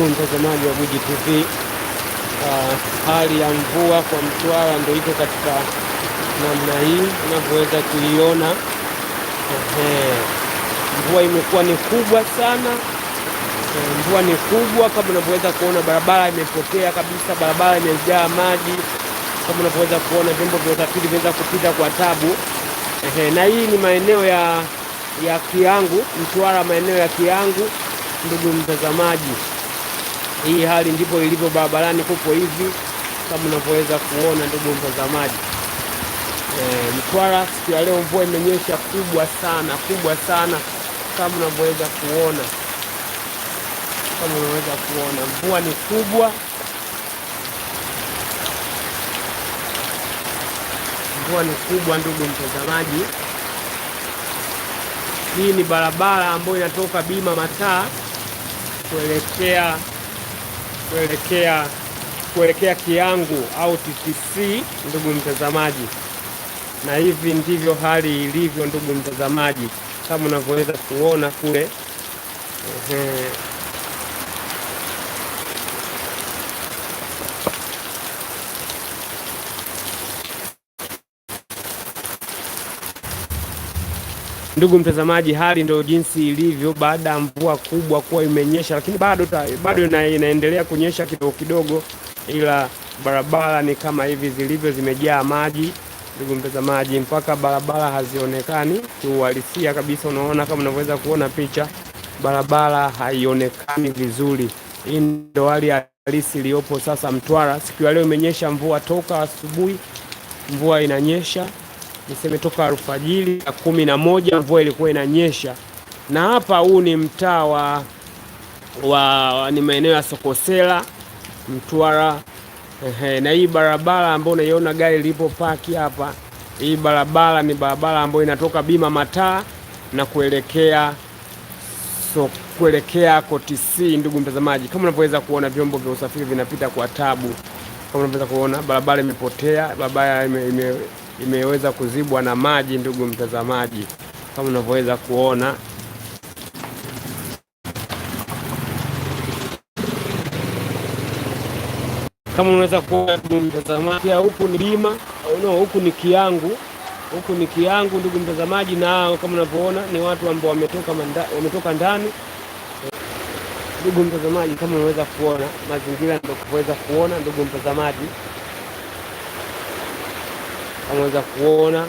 Ndugu mtazamaji wa Buji TV, uh, ah, hali ya mvua kwa Mtwara ndio iko katika namna hii unavyoweza kuiona. Ehe, mvua imekuwa ni kubwa sana. Ehe, mvua ni kubwa kama unavyoweza kuona, barabara imepotea kabisa, barabara imejaa maji kama unavyoweza kuona, vyombo vya usafiri vinaweza kupita kwa tabu. Ehe, na hii ni maeneo ya ya Kiangu Mtwara, maeneo ya Kiangu ndugu mtazamaji. Hii hali ndipo ilivyo barabarani, kuko hivi kama unavyoweza kuona ndugu mtazamaji. E, Mtwara siku ya leo mvua imenyesha kubwa sana kubwa sana, kama unavyoweza kuona kama unaweza kuona mvua ni kubwa, mvua ni kubwa ndugu mtazamaji. Hii ni barabara ambayo inatoka Bima Mataa kuelekea kuelekea, kuelekea Kiangu au TTC, ndugu mtazamaji, na hivi ndivyo hali ilivyo, ndugu mtazamaji, kama unavyoweza kuona kule. Ehe. Ndugu mtazamaji, hali ndio jinsi ilivyo baada ya mvua kubwa kuwa imenyesha, lakini bado bado ina, inaendelea kunyesha kidogo kidogo, ila barabara ni kama hivi zilivyo, zimejaa maji ndugu mtazamaji, mpaka barabara hazionekani kiuhalisia kabisa. Unaona kama unavyoweza kuona picha, barabara haionekani vizuri. Hii ndio hali halisi iliyopo sasa Mtwara. Siku ya leo imenyesha mvua toka asubuhi, mvua inanyesha niseme toka alfajiri ya kumi na moja mvua ilikuwa inanyesha, na hapa huu ni mtaa wa, wa ni maeneo ya Sokosela Mtwara. Ehe, na hii barabara ambayo unaiona gari lipo paki hapa, hii barabara ni barabara ambayo inatoka Bima Mataa na kuelekea so, kuelekea KOTC. Ndugu mtazamaji, kama unavyoweza kuona vyombo vya usafiri vinapita kwa tabu, kama unavyoweza kuona barabara imepotea, barabara ime, ime imeweza kuzibwa na maji, ndugu mtazamaji, kama unavyoweza kuona kama unaweza kuona ndugu mtazamaji, huku ni au no, huku ni kiangu, huku ni kiangu ndugu mtazamaji, na kama unavyoona ni watu ambao wametoka manda, wametoka ndani ndugu mtazamaji, kama unaweza kuona mazingira ndio kuweza kuona ndugu mtazamaji ameweza kuona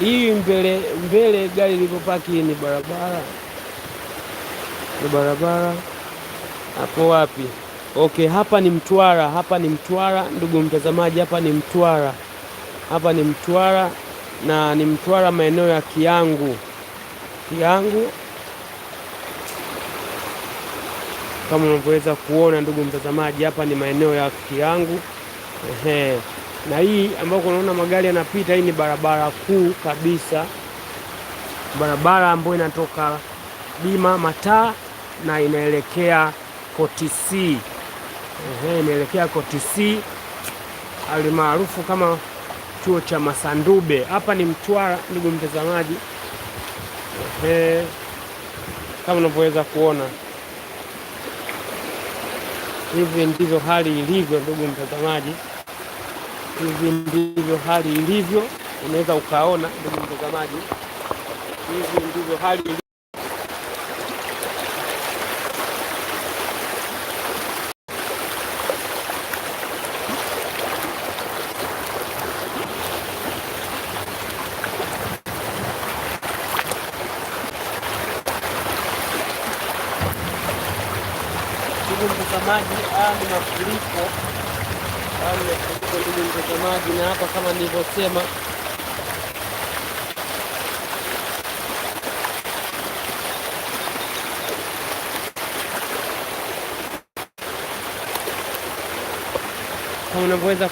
hii mbele mbele gari lilipopaki ni barabara, ni barabara hapo wapi? Okay, hapa ni Mtwara, hapa ni Mtwara ndugu mtazamaji, hapa ni Mtwara, hapa ni Mtwara na ni Mtwara maeneo ya Kiangu, Kiangu kama unavyoweza kuona ndugu mtazamaji, hapa ni maeneo ya Kiangu ehe na hii ambayo kunaona magari yanapita, hii ni barabara kuu kabisa, barabara ambayo inatoka Bima Mataa na inaelekea Koti C. Ehe, inaelekea Koti C alimaarufu kama chuo cha Masandube. Hapa ni Mtwara, ndugu mtazamaji, kama unavyoweza kuona hivi ndivyo hali ilivyo, ndugu mtazamaji. Hivi ndivyo hali ilivyo, unaweza ukaona ndugu mtazamaji, hivi ndivyo hali ilivyo.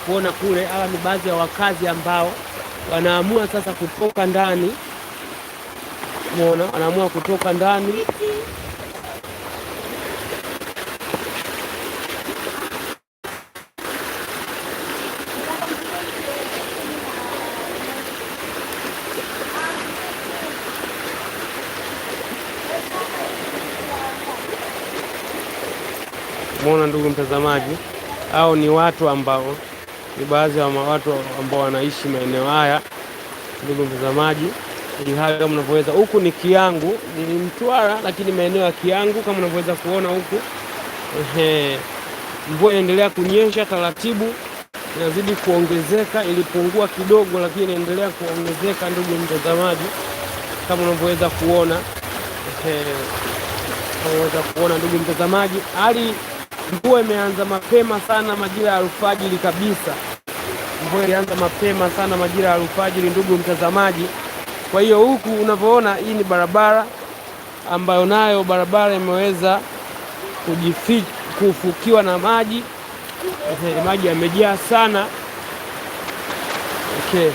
kuona kule. Hawa ni baadhi ya wakazi ambao wanaamua sasa kutoka ndani, umeona, wanaamua kutoka ndani Mona ndugu mtazamaji, hao ni watu ambao ni baadhi ya watu ambao wanaishi maeneo haya, ndugu mtazamaji, ili hali kama unavyoweza. Huku ni Kiangu, ni Mtwara, lakini maeneo ya Kiangu kama unavyoweza kuona huku. Ehe, mvua inaendelea kunyesha taratibu, inazidi kuongezeka. Ilipungua kidogo, lakini inaendelea kuongezeka, ndugu mtazamaji, kama unavyoweza kuona. Ehe, unavyoweza kuona ndugu mtazamaji, hali Mvua imeanza mapema sana majira ya alfajiri kabisa. Mvua ilianza mapema sana majira ya alfajiri, ndugu mtazamaji. Kwa hiyo huku unavyoona, hii ni barabara ambayo nayo barabara imeweza kufukiwa na maji. Okay, maji yamejaa sana okay.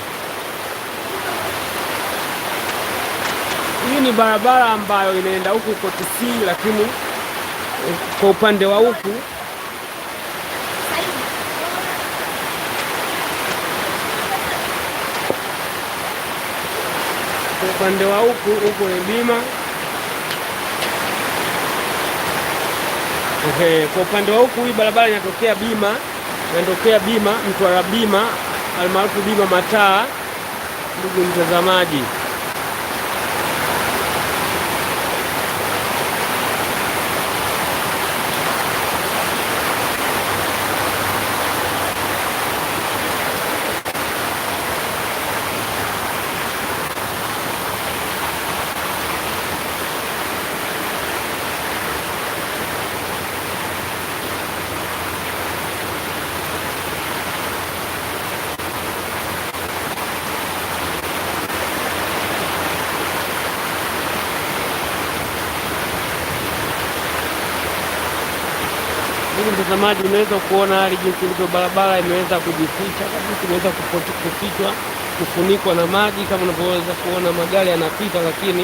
Hii ni barabara ambayo inaenda huku Kotisi lakini kwa upande wa huku kwa upande wa huku huku ni bima okay. Kwa upande wa huku hii barabara inatokea bima, inatokea bima Mtwara bima almaarufu bima Mataa, ndugu mtazamaji. Hili mtazamaji, unaweza kuona hali jinsi ilivyo, barabara imeweza kujificha kabisa, imeweza kufichwa, kufunikwa na maji kama unavyoweza kuona, magari yanapita, lakini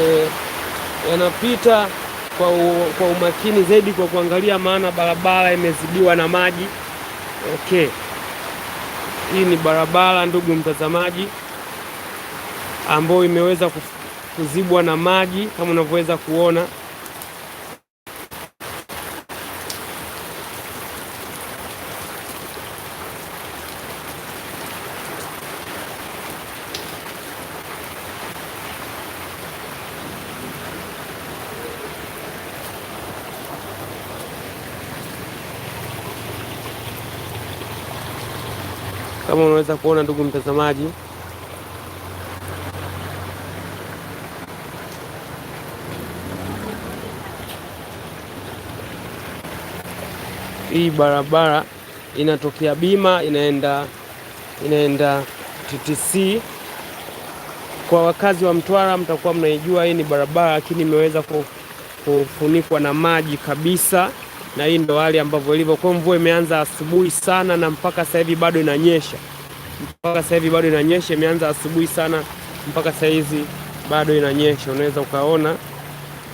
eh, yanapita kwa, u, kwa umakini zaidi kwa kuangalia, maana barabara imezidiwa na maji. Okay, hii ni barabara ndugu mtazamaji, ambayo imeweza kuzibwa na maji kama unavyoweza kuona. kama unaweza kuona ndugu mtazamaji, hii barabara inatokea Bima inaenda inaenda TTC. Kwa wakazi wa Mtwara, mtakuwa mnaijua hii ni barabara, lakini imeweza kufunikwa na maji kabisa na hii ndo hali ambavyo ilivyo. Kwa mvua imeanza asubuhi sana na mpaka sasa hivi bado inanyesha, mpaka sasa hivi bado inanyesha. Imeanza asubuhi sana mpaka sasa hizi bado inanyesha, unaweza ukaona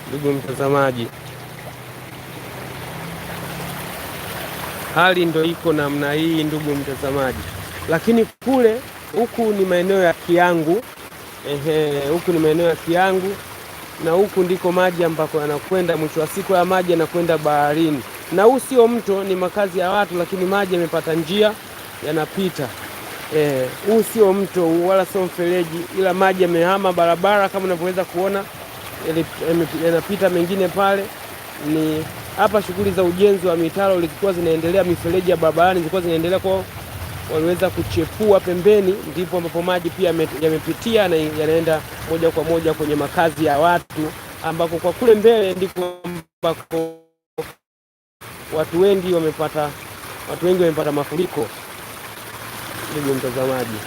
ndugu mtazamaji, hali ndo iko namna hii, ndugu mtazamaji. Lakini kule huku ni maeneo ya Kiangu, ehe, huku ni maeneo ya Kiangu na huku ndiko maji ambako yanakwenda, mwisho wa siku ya maji yanakwenda baharini. Na huu sio mto, ni makazi ya watu, lakini maji yamepata njia yanapita. E, huu sio mto wala sio mfereji, ila maji yamehama barabara kama unavyoweza kuona yanapita mengine pale. Ni hapa shughuli za ujenzi wa mitaro zilikuwa zinaendelea, mifereji ya barabarani zilikuwa zinaendelea kwa waliweza kuchepua pembeni, ndipo ambapo maji pia yamepitia na yanaenda moja kwa moja kwenye makazi ya watu, ambako kwa kule mbele ndipo ambako watu wengi wamepata watu wengi wamepata mafuriko, ndugu mtazamaji.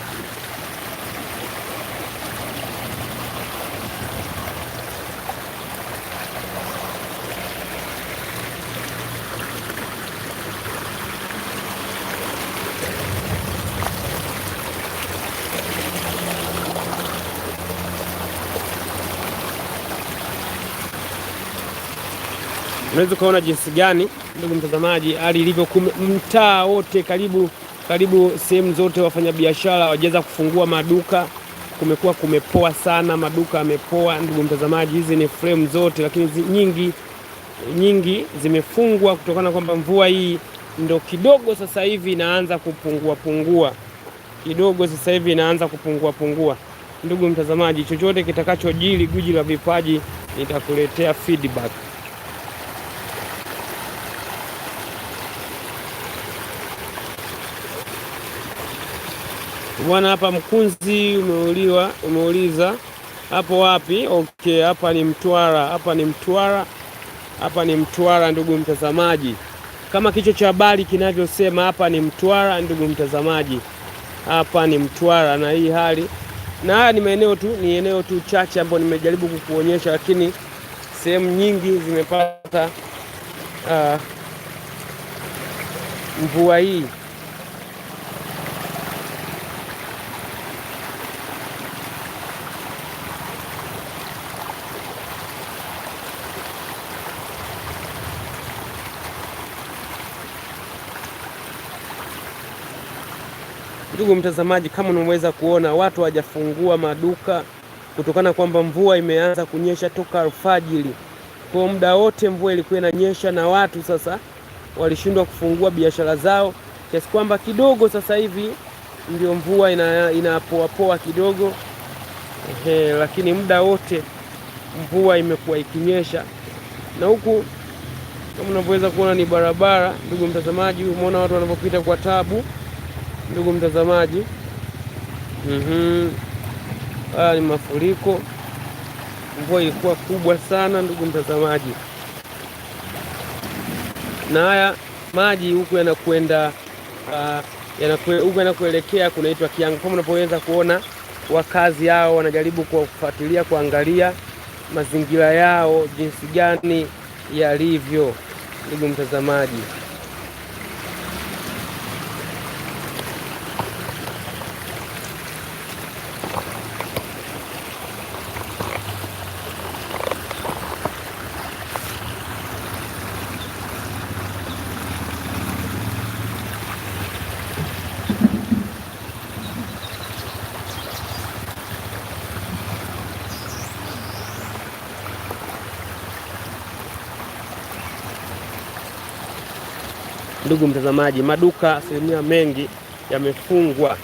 unaweza ukaona jinsi gani ndugu mtazamaji hali ilivyo mtaa wote, karibu karibu sehemu zote, wafanyabiashara wajaweza kufungua maduka, kumekuwa kumepoa sana, maduka yamepoa ndugu mtazamaji. Hizi ni frame zote, lakini zi nyingi nyingi zimefungwa kutokana kwamba mvua hii ndo kidogo sasa hivi inaanza kupungua pungua, kidogo sasa hivi inaanza kupungua pungua. Ndugu mtazamaji, chochote kitakachojiri, guji la vipaji, nitakuletea feedback. Bwana hapa Mkunzi umeuliwa, umeuliza hapo wapi? Okay, hapa ni Mtwara, hapa ni Mtwara, hapa ni Mtwara ndugu mtazamaji, kama kichwa cha habari kinavyosema, hapa ni Mtwara ndugu mtazamaji, hapa ni Mtwara na hii hali na haya ni maeneo tu, ni eneo tu chache ambayo nimejaribu kukuonyesha, lakini sehemu nyingi zimepata uh, mvua hii. Ndugu mtazamaji, kama unaweza kuona watu hawajafungua maduka kutokana kwamba mvua imeanza kunyesha toka alfajiri. Kwa muda wote mvua ilikuwa inanyesha na watu sasa walishindwa kufungua biashara zao, kiasi kwamba kidogo sasa hivi ndio mvua inapoapoa kidogo ehe, lakini muda wote mvua imekuwa ikinyesha, na huku kama unavyoweza kuona ni barabara. Ndugu mtazamaji, umeona watu wanavyopita kwa tabu ndugu mtazamaji. Mhm. Haya ni mafuriko, mvua ilikuwa kubwa sana ndugu mtazamaji, na haya maji huku yanakwenda ah, huku yanakuelekea kunaitwa Kiangu, kama unapoweza kuona wakazi hao wanajaribu kuwafuatilia kuangalia mazingira yao jinsi gani yalivyo, ndugu mtazamaji. Ndugu mtazamaji, maduka asilimia mengi yamefungwa.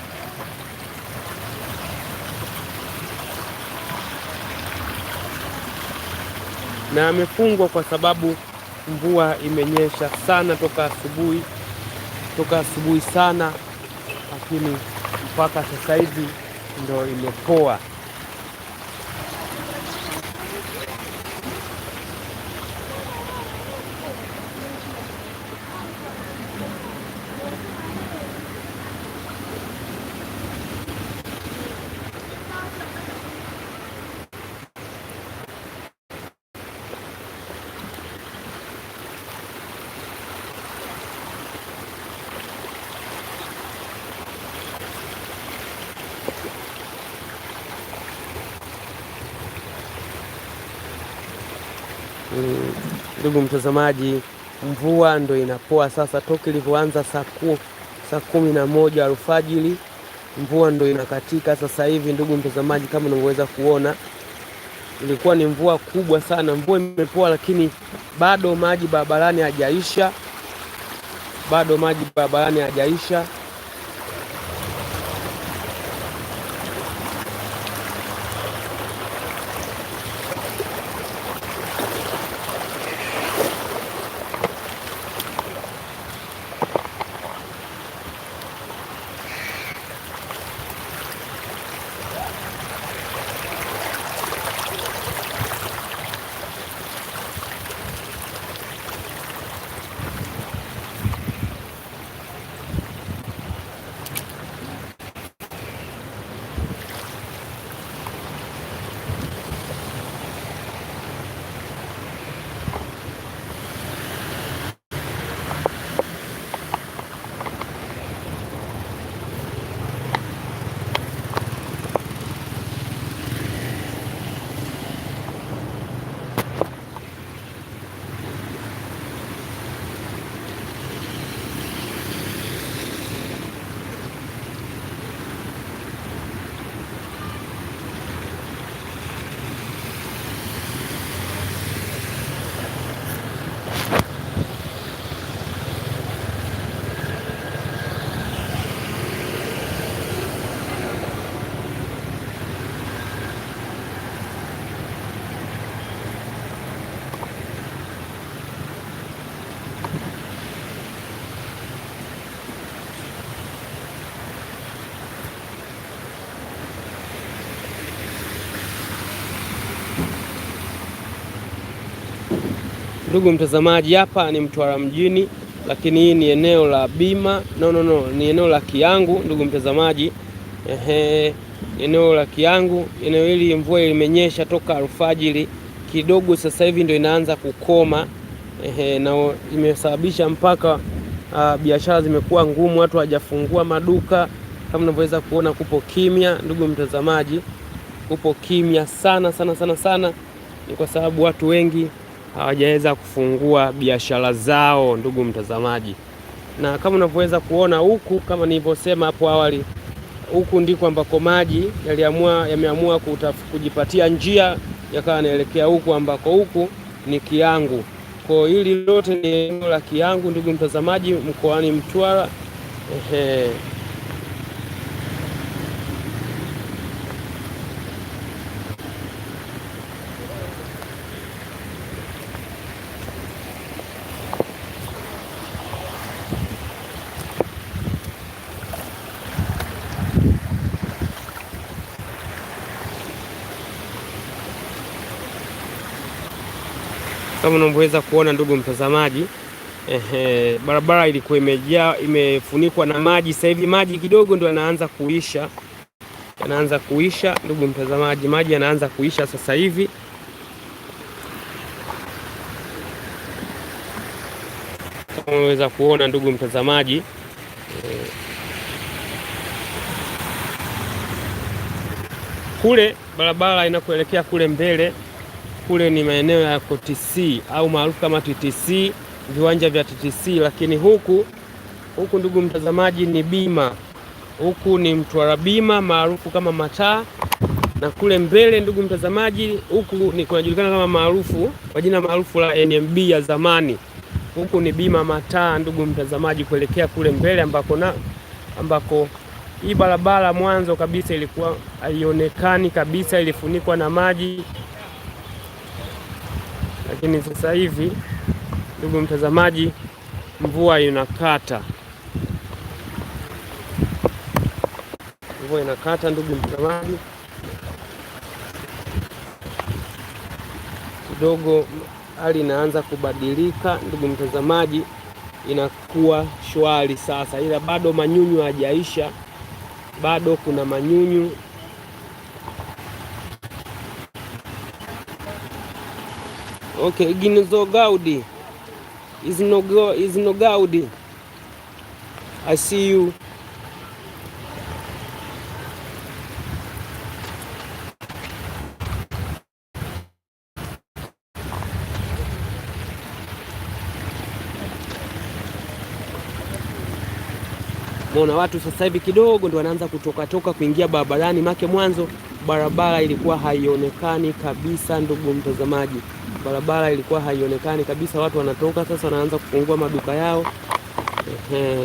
na yamefungwa kwa sababu mvua imenyesha sana toka asubuhi, toka asubuhi sana, lakini mpaka sasa hivi ndo imepoa. Ndugu mtazamaji, mvua ndo inapoa sasa. Toka ilivyoanza saa kumi na moja alfajiri mvua ndo inakatika sasa hivi. Ndugu mtazamaji, kama unavyoweza kuona, ilikuwa ni mvua kubwa sana. Mvua imepoa, lakini bado maji barabarani hajaisha, bado maji barabarani hajaisha. Ndugu mtazamaji, hapa ni Mtwara mjini, lakini hii ni eneo la bima no, no, no, ni eneo la Kiangu ndugu mtazamaji. Ehe, eneo la Kiangu. Eneo hili mvua ilimenyesha toka alfajiri kidogo, sasa hivi ndio inaanza kukoma. Ehe, na imesababisha mpaka ah, biashara zimekuwa ngumu, watu hawajafungua maduka kama unavyoweza kuona, kupo kimya ndugu mtazamaji, kupo kimya sana sana sana sana, ni kwa sababu watu wengi hawajaweza kufungua biashara zao, ndugu mtazamaji. Na kama unavyoweza kuona huku, kama nilivyosema hapo awali, huku ndiko ambako maji yaliamua yameamua kujipatia njia yakawa yanaelekea huku ambako huku ni Kiangu. Kwa hili lote ni eneo la Kiangu, ndugu mtazamaji, mkoani Mtwara. Ehe. Kama unavyoweza kuona ndugu mtazamaji, eh, barabara ilikuwa imejaa, imefunikwa na maji. Sasa hivi maji kidogo ndio yanaanza kuisha, yanaanza kuisha ndugu mtazamaji, maji yanaanza kuisha sasa hivi. unaweza kuona ndugu mtazamaji kule barabara inakuelekea kule mbele kule ni maeneo yako TTC au maarufu kama TTC, viwanja vya TTC. Lakini huku huku, ndugu mtazamaji, ni bima, huku ni Mtwara Bima maarufu kama Mataa, na kule mbele, ndugu mtazamaji, huku ni kunajulikana kama maarufu kwa jina maarufu la NMB ya zamani. Huku ni bima Mataa, ndugu mtazamaji, kuelekea kule mbele ambako na ambako hii barabara mwanzo kabisa ilikuwa haionekani kabisa, ilifunikwa na maji lakini sasa hivi, ndugu mtazamaji, mvua inakata, mvua inakata, ndugu mtazamaji, kidogo hali inaanza kubadilika, ndugu mtazamaji, inakuwa shwari sasa, ila bado manyunyu hajaisha, bado kuna manyunyu Okay, gaudi. is no go is no Gaudi. I see you. Mona watu sasa hivi kidogo ndo wanaanza kutokatoka kuingia barabarani, make mwanzo barabara ilikuwa haionekani kabisa, ndugu mtazamaji barabara ilikuwa haionekani kabisa, watu wanatoka sasa wanaanza kufungua maduka yao. Ehe,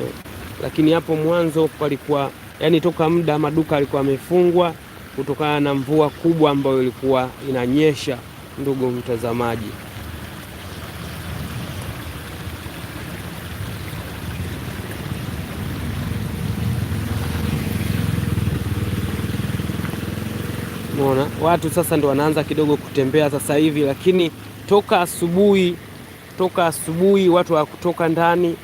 lakini hapo mwanzo palikuwa yani, toka muda maduka alikuwa amefungwa kutokana na mvua kubwa ambayo ilikuwa inanyesha, ndugu mtazamaji. watu sasa ndo wanaanza kidogo kutembea sasa hivi, lakini toka asubuhi, toka asubuhi watu hawakutoka ndani,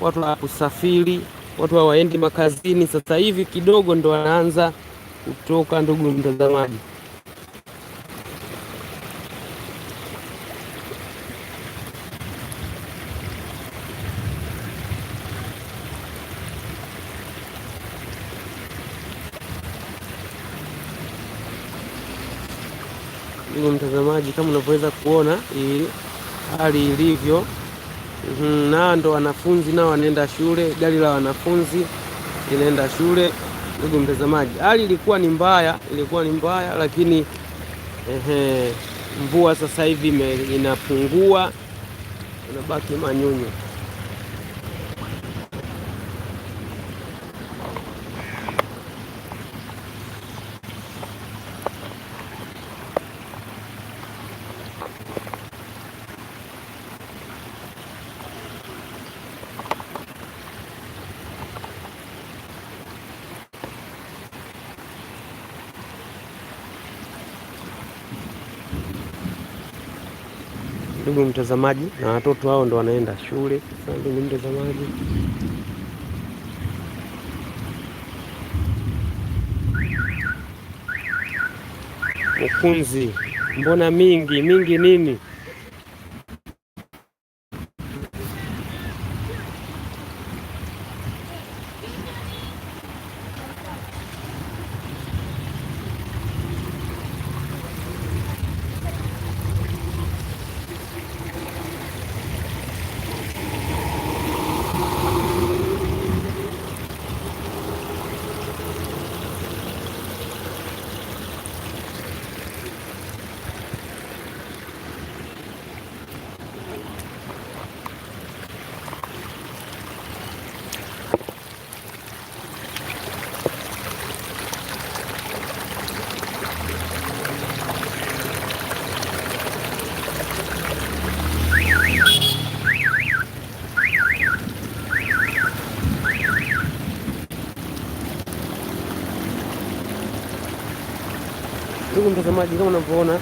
watu hawakusafiri, watu hawaendi makazini. Sasa hivi kidogo ndo wanaanza kutoka, ndugu mtazamaji. kama unavyoweza kuona hali ilivyo. Mm, na ndo wanafunzi nao wanaenda shule, gari la wanafunzi linaenda shule. Ndugu mtazamaji, hali ilikuwa ni mbaya, ilikuwa ni mbaya, lakini ehe, mvua sasa hivi inapungua, unabaki manyunyu. ndugu mtazamaji, na watoto hao ndo wanaenda shule. Ndugu mtazamaji, mkunzi mbona mingi mingi nini? mtazamaji, kama unavyoona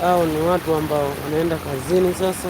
hao ni watu ambao wanaenda kazini sasa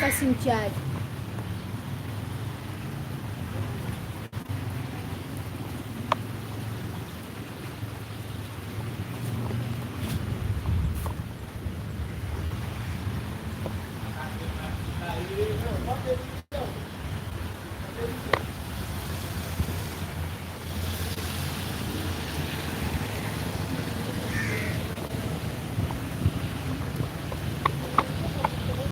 tá, Santiago?